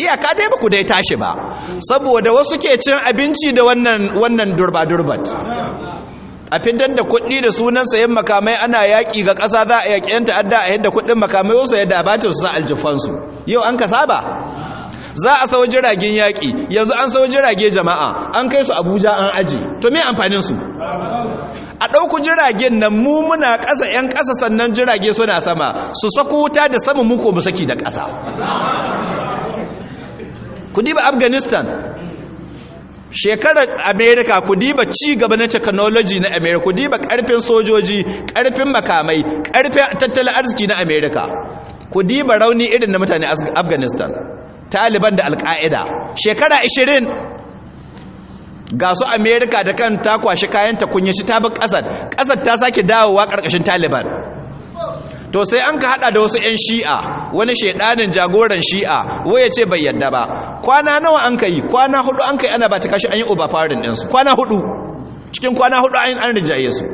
iyaka dai ba ku dai tashi ba saboda wasu ke cin abinci da wannan wannan durba durbat a fitar da kuɗi da sunan sayan makamai ana yaƙi ga ƙasa za a yaƙi yan ta'adda a yadda kuɗin makamai wasu yadda a bata su aljifansu yau an ka saba za a sau jiragen yaƙi yanzu an sau jirage jama'a an kai su abuja an aji to me amfanin su a ɗauku jiragen nan mu muna ƙasa 'yan ƙasa sannan jirage suna sama su sako wuta da sama muku mu saki da ƙasa ku diba afghanistan shekarar america ku diba gaba na technology na america ku diba karfin sojoji karfin makamai karfin tattalin arziki na america ku diba rauni irin na mutane afghanistan taliban da alka'ida shekara 20 ga su america da kan ta kayanta kunyashi ta bi kasar kasar ta sake dawowa karkashin taliban to sai an ka hada da wasu yan shi'a wani shaidanin jagoran shi'a wai ya ce bai yadda ba kwana nawa an ka yi kwana hudu an ka yi ana ba ta kashi an yi farin ɗinsu kwana hudu cikin kwana hudu an an rijaye su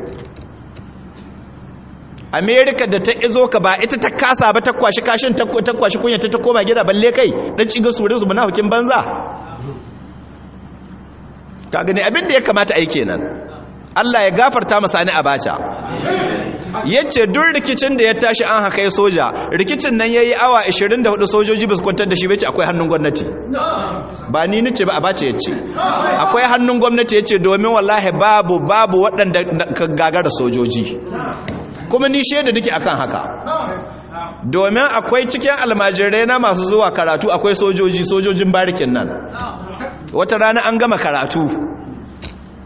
amerika da ta izo ka ba ita ta kasa ba ta kwashi kashin ta kwashi kunya ta koma gida balle kai dan ciga surin su hukin banza ka gani abin da ya kamata ai kenan Allah ya gafarta masa ni abacha yace duk rikicin da ya tashi an haka ya soja rikicin nan yayi awa 24 sojoji basu kwantar da shi bace akwai hannun gwamnati ba ni nace ba abace yace akwai hannun gwamnati yace domin wallahi babu babu waɗanda gagara sojoji kuma ni shaida nake akan haka domin akwai cikin almajirai na masu zuwa karatu akwai sojoji sojojin barikin nan wata rana an gama karatu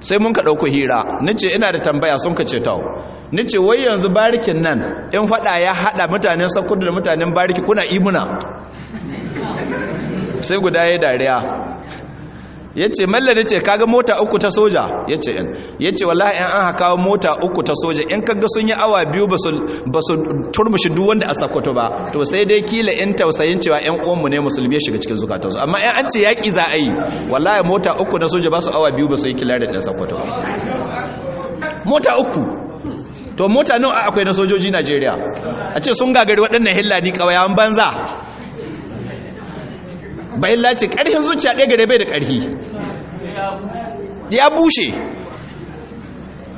sai mun ka ɗauko hira nace ina da tambaya sun ka ce tawo ni ce wai yanzu barikin nan in fada ya hada mutanen sakudu da mutanen bariki kuna imuna sai guda ya dariya ya ce mallar ya ce kaga mota uku ta soja ya ce in eh. ya ce wallahi in an haka mota uku ta soja in kaga sun yi awa biyu ba su turmushi duk wanda a sakkwato ba to sai dai kila in tausayin cewa yan uwanmu ne musulmi ya shiga cikin zukatansu amma in an ce yaƙi za a yi wallahi mota uku na soja ba su awa biyu ba su yi kila da ɗan sakkwato mota uku to mota nawa akwai na sojoji Najeriya a ce sun gagari waɗannan hillani kawayan banza ba hilla ce ƙarfin zuciya ɗaya gare bai da ƙarfi ya bushe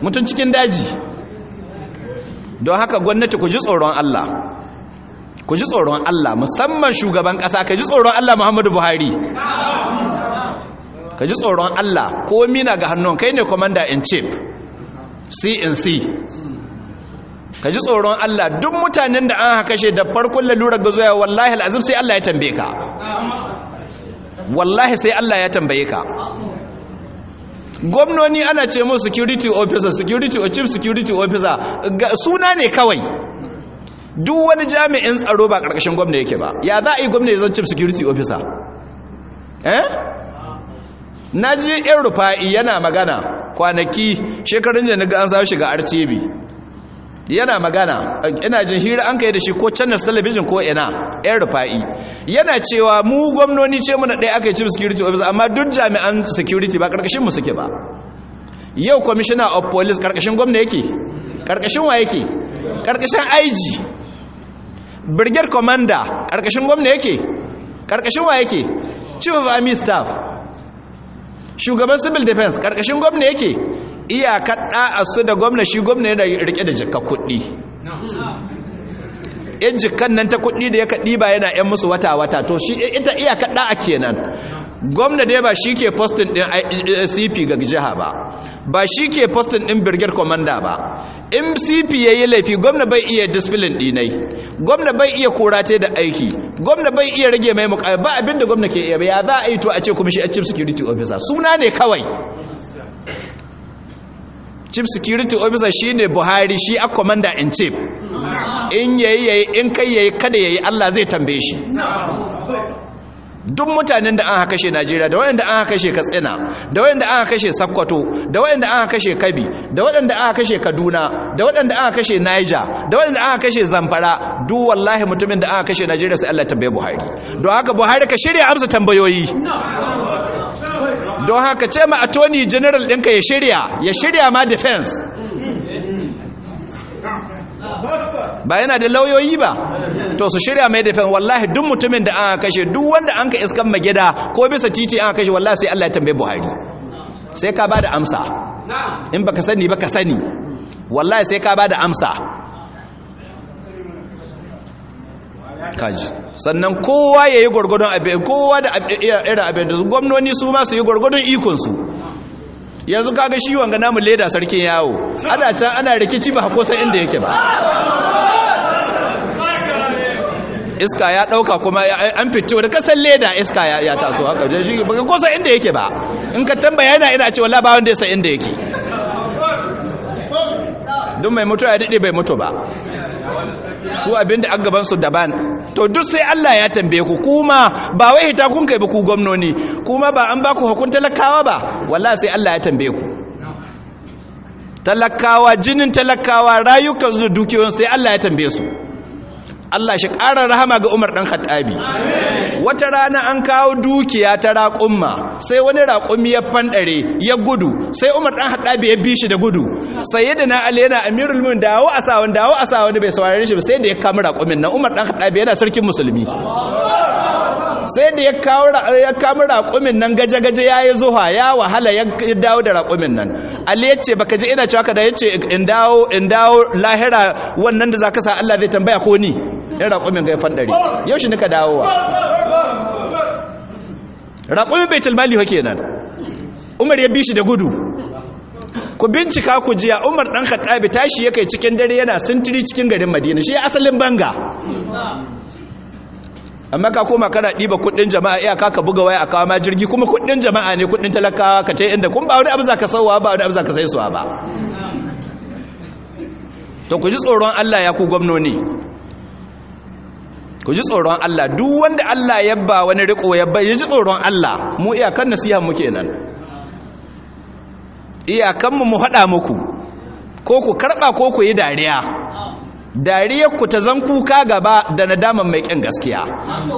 mutum cikin daji don haka gwamnati ku ji tsoron Allah ku ji tsoron Allah musamman shugaban ƙasa ka ji tsoron Allah Muhammadu Buhari ka ji tsoron Allah Ko mina ga hannun kai ne commander in chief cnc ka ji tsoron Allah duk mutanen da an haka da farkon ga zuwa wallahi al'azim sai Allah ya tambaye ka wallahi sai Allah ya tambaye ka gwamnoni ana ce mu security officer security or chief security officer suna ne kawai duk wani jami'in tsaro ba ƙarƙashin gwamna yake ba ya za a yi gwamna ya zan chief security officer eh na ji yan rufa'i yana magana kwanaki shekarun da ga an samu shiga rtb yana magana ina jin hira an kai da shi ko channel television ko ina yan rufa'i yana cewa mu gwamnoni ce muna ɗaya aka yi chief security officer amma duk jami'an security ba ƙarƙashin mu suke ba yau commissioner of police ƙarƙashin gwamna yake ƙarƙashin wa yake ƙarƙashin IG brigade commander ƙarƙashin gwamna yake Ƙarƙashin wa yake chief of army staff shugaban civil defense karkashin gwamna yake iyakar su da gwamna shi gwamna yana rike da jikka kuɗi yan jikan nan ta kuɗi da ya kaɗi ba yana yan musu wata-wata to shi ita iyakar a kenan gwamna dai ba shi ke postin ɗin eh, cp ga jiha ba ba shi ke postin ɗin birgir commander ba mcp ya yi laifi gwamna bai iya disfilin dinai gwamna bai iya korate da aiki gwamna bai iya rage mai mukamai ba abinda gwamna ke iya ya za a yi to a ce kuma shi a chief security officer suna ne kawai chief security officer shi ne buhari shi a commander in chief in yayi yayi in kai yayi kada yayi allah zai tambaye shi duk mutanen da aka kashe Najeriya da waɗanda aka kashe Katsina da waɗanda aka kashe Sokoto da waɗanda aka kashe Kabi da waɗanda aka kashe Kaduna da waɗanda aka kashe Niger da waɗanda aka kashe Zamfara duk wallahi mutumin da aka kashe Najeriya sai Allah tambaye Buhari don haka Buhari ka shirya amsa tambayoyi don haka ce ma attorney general ɗinka ya shirya ya shirya ma defense ba yana da lauyoyi ba to su shirya mai defense wallahi duk mutumin da an kashe duk wanda an ka iskan magida ko bisa titi an kashe wallahi sai Allah ya tambaye Buhari sai ka bada amsa in baka sani baka sani wallahi sai ka bada amsa kaji sannan kowa yayi gurgurdon abin kowa da irin abin da gwamnoni su ma su yi gurgurdon ikon su yanzu kaga shi wanga namu leda sarkin yawo ana can ana rikici ba ko san inda yake ba iska ya dauka kuma an fito da kasan leda iska ya ya taso haka je shi ba ko san inda yake ba in ka tambaya yana ina ce wallahi ba wanda ya san inda yake duk mai mutu ya dade bai mutu ba su abinda an gaban su daban to duk sai Allah ya tambaye ku kuma ba wai hita kun kai ba ku gwamnoni kuma ba an ba ku hukunta talakawa ba wallahi sai Allah ya tambaye ku talakawa jinin talakawa rayukan su da dukiyoyin sai Allah ya tambaye su Allah shi ƙara rahama ga Umar ɗan Khattabi wata rana an kawo dukiya ta raƙumma sai wani raƙumi ya fanɗare ya gudu sai Umar ɗan Khattabi ya bi shi da gudu na Ali yana amirul mu'minin dawo a sawan. dawo a sawan bai saurare shi ba sai da ya kama raƙumin nan Umar ɗan Khattabi yana sarkin musulmi sai da ya kawo ya kama raƙumin nan gaje-gaje ya yi zuwa ya wahala ya dawo da raƙumin nan ali ya ce baka ji ina cewa ka da ya ce in dawo in dawo lahira wannan da za ka sa allah zai tambaya ko ni in raƙumin ga ya yau shi nika dawowa raƙumin baitul mali ho kenan umar ya bi shi da gudu ku bincika ku jiya umar dan khattabi tashi ya kai cikin dare yana sintiri cikin garin madina shi asalin banga amma ka koma kana ɗiba kuɗin jama'a iyaka ka buga waya a kawo ma jirgi kuma kuɗin jama'a ne kuɗin talakawa ka ta inda kun ba wani abu za ka sauwa ba wani abu za ka sai suwa ba to ku ji tsoron Allah ya ku gwamnoni ku ji tsoron Allah duk wanda Allah ya ba wani riko ya ba ya ji tsoron Allah mu iyakan nasiha mu kenan iyakan mu mu hada muku ko ku karba ko ku yi dariya dariya ku ta zan kuka gaba da nadaman mai kin gaskiya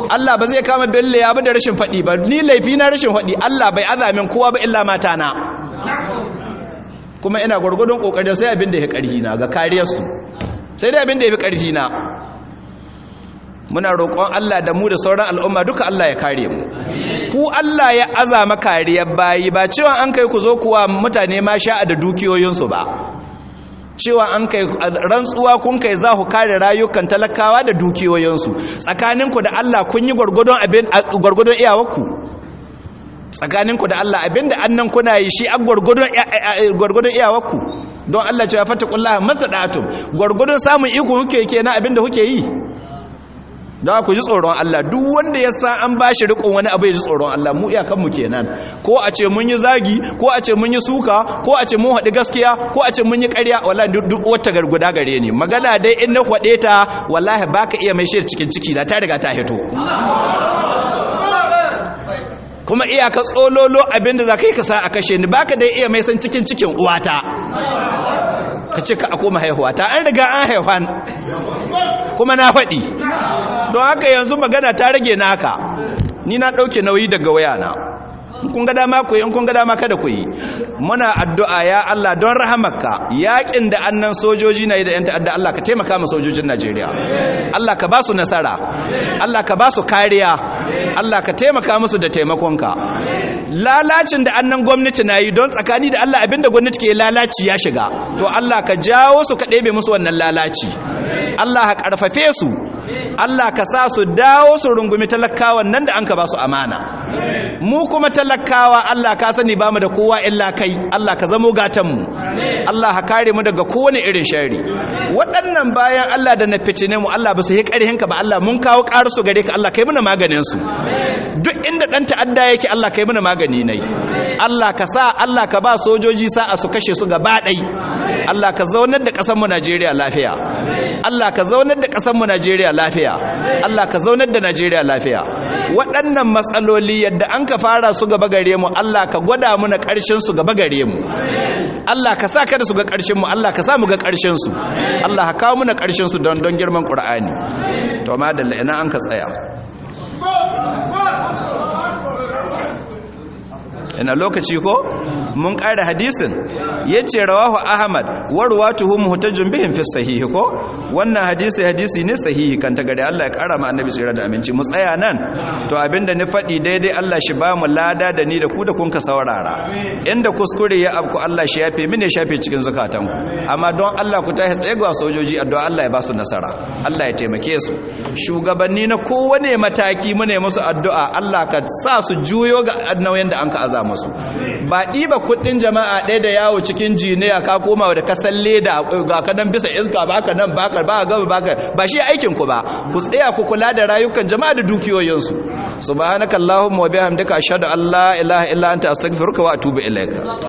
Allah ba zai kama belle ya ba da rashin faɗi ba ni laifi na rashin faɗi Allah bai azamin kowa ba illa mata na kuma ina gwargwadon kokarin sai abin da ya karhi na ga kariyar su sai dai abin da ya fi karhi na muna roƙon Allah da mu da sauran al'umma duka Allah ya kare mu ku Allah ya azama kariyar bayi ba cewa an kai ku zo kuwa mutane ma sha'a da dukiyoyinsu ba cewa an kai rantsuwa kun kai za ku kare rayukan talakawa da dukiyoyinsu tsakaninku da Allah kun yi gwargwadon abin gwargwadon iyawarku tsakaninku da Allah abinda annan kuna yi shi a gwargwadon gwargwadon iyawarku don Allah cewa fatakullaha masadatu gwargwadon samun iko kuke kenan abinda kuke yi don ku ji tsoron Allah duk wanda ya sa an ba shi riƙon wani abu ya ji tsoron Allah mu iyakanmu kenan ko a ce mun yi zagi ko a ce mun yi suka ko a ce mun haɗi gaskiya ko a ce mun yi ƙarya wallahi duk wata garguda gare ni magana dai in na kwaɗe ta wallahi baka iya mai shir cikin ciki na ta riga ta hito kuma iyaka tsololo abinda za ka yi ka sa a kashe ni baka dai iya mai san cikin cikin uwata ka ce ka a koma haihuwa ta an riga an haihuwa kuma na faɗi don haka yanzu magana ta rage naka ni na ɗauke nauyi daga wayana kun ga dama ku yi kun ga dama kada ku yi muna addu'a ya Allah don rahamarka yakin da annan sojoji na yi da yan ta'adda Allah ka taimaka ma sojojin Najeriya Allah ka ba su nasara Allah ka ba su kariya Allah ka taimaka musu da taimakonka lalacin da annan gwamnati na yi don tsakani da Allah abinda gwamnati ke lalaci ya shiga to Allah ka jawo su ka ɗebe musu wannan lalaci Allah ka ƙarfafe su Allah ka sa su dawo su rungumi talakawan nan da an ka ba su amana mu kuma talakawa Allah ka sani ba mu da kowa illa kai Allah ka zamo gatanmu. Allah ka kare mu daga kowane irin shari waɗannan bayan Allah da na fitine mu Allah ba su yi ƙarhin ka ba Allah mun kawo ƙarar su gare ka Allah kai muna maganin su duk inda ɗan ta'adda yake Allah kai muna magani nai Allah ka sa Allah ka ba sojoji sa'a su kashe su gaba ɗai Allah ka zaunar da ƙasar mu Najeriya lafiya Allah ka zaunar da ƙasar mu Najeriya lafiya Allah ka zaunar da Najeriya lafiya waɗannan matsaloli yadda an ka fara su gaba gare mu Allah ka gwada muna ƙarshen su gaba gare mu Allah ka sa ka da su ga ƙarshen mu Allah ka sa mu ga ƙarshen su Allah ka kawo muna ƙarshen su don don girman Qur'ani to madalla ina an ka tsaya ina lokaci ko mun ƙara hadisin yace rawahu ahmad wa ruwatuhu muhtajun bihim fi sahih ko wannan hadisi hadisi ne sahihi kan tagare Allah ya kara ma annabi tsira da aminci mu tsaya nan to abinda ni faɗi daidai Allah shi ba mu lada da ni da ku da kun ka saurara inda kuskure ya abku Allah shi yafe mine shafe cikin zakatan ku amma don Allah ku tashi tsaye ga sojoji addu'a Allah ya ba su nasara Allah ya taimake su shugabanni na kowane mataki mu ne musu addu'a Allah ka sa su juyo ga nauyin da an ka aza musu ba ɗiba kuɗin jama'a ɗaya da yawo cikin jiniya ka koma da kasan leda ga kadan bisa iska baka nan baka ba ga ba ba shi aikin ku ba ku tsaya ku kula da rayukan jama'a da dukiyoyinsu subhanakallahumma wa bihamdika ashhadu an la ilaha illa anta astaghfiruka wa atubu ilaika